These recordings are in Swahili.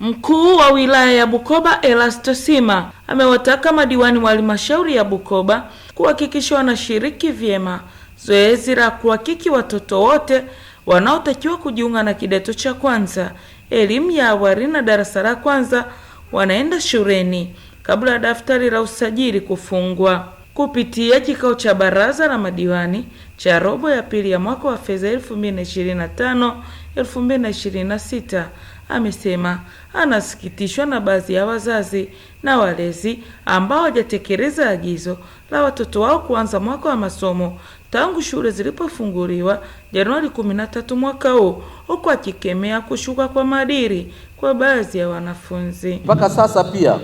Mkuu wa wilaya ya Bukoba Elastosima amewataka madiwani wa halmashauri ya Bukoba kuhakikisha wanashiriki vyema zoezi la kuhakiki watoto wote wanaotakiwa kujiunga na kidato cha kwanza elimu ya awali na darasa la kwanza wanaenda shuleni kabla ya daftari la usajili kufungwa kupitia kikao cha baraza la madiwani cha robo ya pili ya mwaka wa fedha 2025 2026, amesema anasikitishwa na baadhi ya wazazi na walezi ambao hawajatekeleza agizo la watoto wao kuanza mwaka wa masomo tangu shule zilipofunguliwa Januari 13 mwaka huu, huku akikemea kushuka kwa maadili kwa baadhi ya wanafunzi. Mpaka sasa pia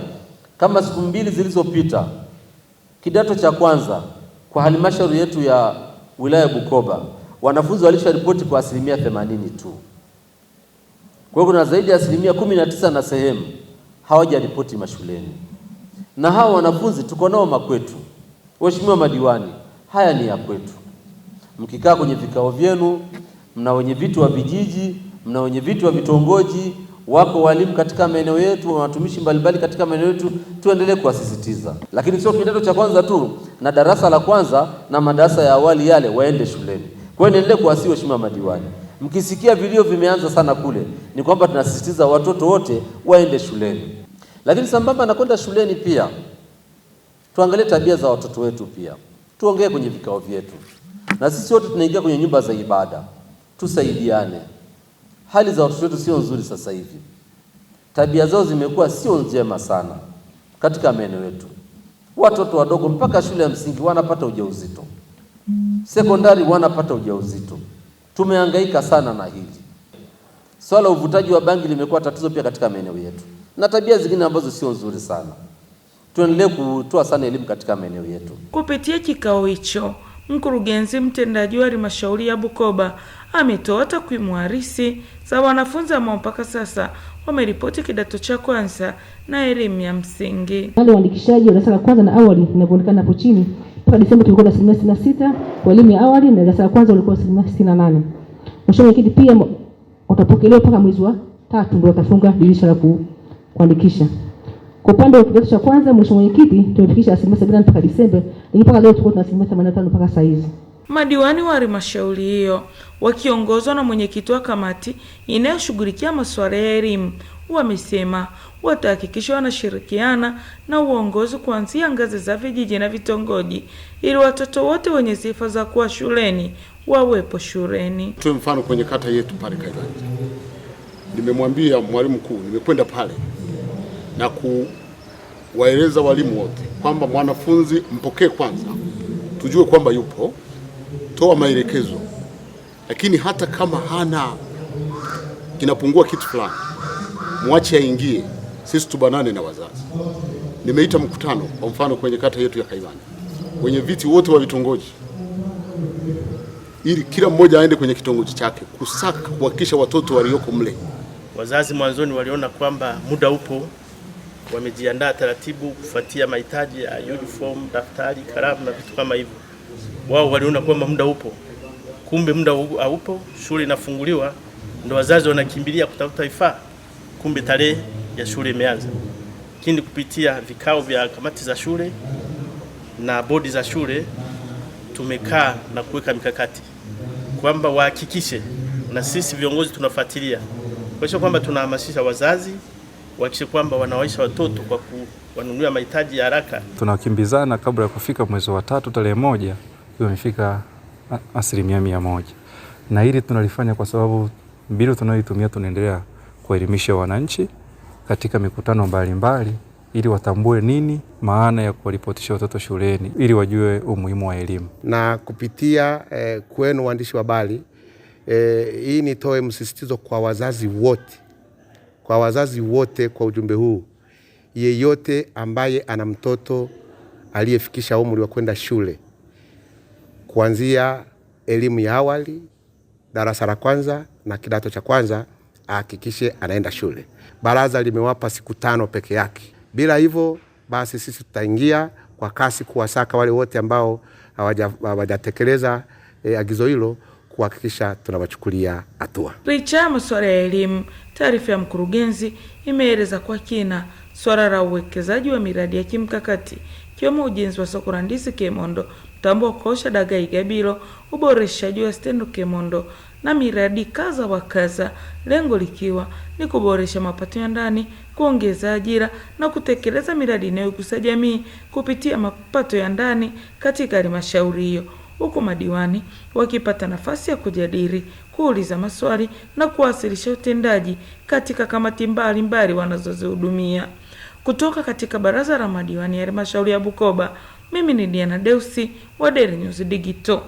kama siku mbili zilizopita Kidato cha kwanza kwa halmashauri yetu ya wilaya Bukoba wanafunzi walisha ripoti kwa asilimia 80 tu. Kwa hiyo kuna zaidi ya asilimia kumi na tisa na sehemu hawajaripoti mashuleni, na hawa wanafunzi tuko nao makwetu. Waheshimiwa madiwani, haya ni ya kwetu. Mkikaa kwenye vikao vyenu, mna wenye viti wa vijiji, mna wenye viti wa vitongoji wako walimu katika maeneo yetu, watumishi mbalimbali katika maeneo yetu, tuendelee kuwasisitiza. Lakini sio kidato cha kwanza tu na darasa la kwanza na madarasa ya awali yale waende shuleni. Kwa hiyo niendelee kuwasihi waheshimiwa madiwani, mkisikia vilio vimeanza sana kule, ni kwamba tunasisitiza watoto wote waende shuleni. Lakini sambamba na kwenda shuleni, pia tuangalie tabia za watoto wetu, pia tuongee kwenye vikao vyetu, na sisi wote tunaingia kwenye nyumba za ibada, tusaidiane. Hali za watoto wetu sio nzuri sasa hivi, tabia zao zimekuwa sio njema sana katika maeneo yetu. Watoto wadogo mpaka shule ya msingi wanapata ujauzito, sekondari wanapata ujauzito. Tumehangaika sana na hili swala. Uvutaji wa bangi limekuwa tatizo pia katika maeneo yetu na tabia zingine ambazo sio nzuri sana. Tuendelee kutoa sana elimu katika maeneo yetu kupitia kikao hicho. Mkurugenzi mtendaji wa halmashauri ya Bukoba ametoa takwimu harisi za wanafunzi ambao mpaka sasa wameripoti kidato cha kwanza na elimu ya msingi. Wale waandikishaji wa darasa la kwanza na awali inavyoonekana hapo chini, mpaka Desemba tulikuwa na asilimia sitini na sita kwa elimu ya awali na darasa la kwanza ulikuwa asilimia sitini na nane Mheshimiwa Mwenyekiti, pia watapokelewa mpaka mwezi wa tatu ndio watafunga dirisha la kuandikisha. Kwa upande wa kidato cha kwanza, mheshimiwa mwenyekiti, tumefikisha asilimia sabini mpaka Disemba, lakini mpaka leo tuko na asilimia themanini na tano mpaka saizi. Madiwani wa halmashauri hiyo wakiongozwa na mwenyekiti wa kamati inayoshughulikia masuala ya elimu wamesema watahakikisha wanashirikiana na uongozi kuanzia ngazi za vijiji na vitongoji ili watoto wote wenye sifa za kuwa shuleni wawepo shuleni. Tu mfano kwenye kata yetu pale Kaiganja, nimemwambia mwalimu mkuu, nimekwenda pale na kuwaeleza walimu wote kwamba mwanafunzi mpokee kwanza, tujue kwamba yupo, toa maelekezo, lakini hata kama hana kinapungua kitu fulani, mwache aingie, sisi tubanane na wazazi. Nimeita mkutano kwa mfano kwenye kata yetu ya kaiwani wenye viti wote wa vitongoji ili kila mmoja aende kwenye kitongoji chake kusaka kuhakikisha watoto walioko mle. Wazazi mwanzoni waliona kwamba muda upo wamejiandaa taratibu kufuatia mahitaji ya uniform, daftari, kalamu na vitu kama hivyo. Wao waliona kwamba muda upo, kumbe muda haupo, shule inafunguliwa, ndio wazazi wanakimbilia kutafuta vifaa, kumbe tarehe ya shule imeanza. Lakini kupitia vikao vya kamati za shule na bodi za shule tumekaa na kuweka mikakati kwamba wahakikishe, na sisi viongozi tunafuatilia kuakisha kwamba tunahamasisha wazazi kuhakikisha kwamba wanawaisha watoto kwa kuwanunulia mahitaji ya haraka. Tunakimbizana kabla ya kufika mwezi wa tatu tarehe moja ikiwa imefika asilimia mia moja, na hili tunalifanya kwa sababu mbinu tunayoitumia tunaendelea kuelimisha wananchi katika mikutano mbalimbali mbali, ili watambue nini maana ya kuwaripotisha watoto shuleni ili wajue umuhimu wa elimu na kupitia eh, kwenu waandishi wa habari eh, hii nitoe msisitizo kwa wazazi wote kwa wazazi wote kwa ujumbe huu, yeyote ambaye ana mtoto aliyefikisha umri wa kwenda shule kuanzia elimu ya awali darasa la kwanza na kidato cha kwanza ahakikishe anaenda shule. Baraza limewapa siku tano peke yake. Bila hivyo basi, sisi tutaingia kwa kasi kuwasaka wale wote ambao hawajatekeleza eh, agizo hilo kuhakikisha tunawachukulia hatua. Licha ya masuala ya elimu, taarifa ya mkurugenzi imeeleza kwa kina swala la uwekezaji wa miradi ya kimkakati ikiwemo ujenzi wa soko la ndizi Kemondo, mtambo wa kuosha dagaa Igabilo, uboreshaji wa stendo Kemondo na miradi kaza wa kaza, lengo likiwa ni kuboresha mapato ya ndani, kuongeza ajira na kutekeleza miradi inayogusa jamii kupitia mapato ya ndani katika halmashauri hiyo huku madiwani wakipata nafasi ya kujadili, kuuliza maswali na kuwasilisha utendaji katika kamati mbalimbali wanazozihudumia. Kutoka katika Baraza la Madiwani ya Halmashauri ya Bukoba, mimi ni Diana Deusi wa Daily News Digital.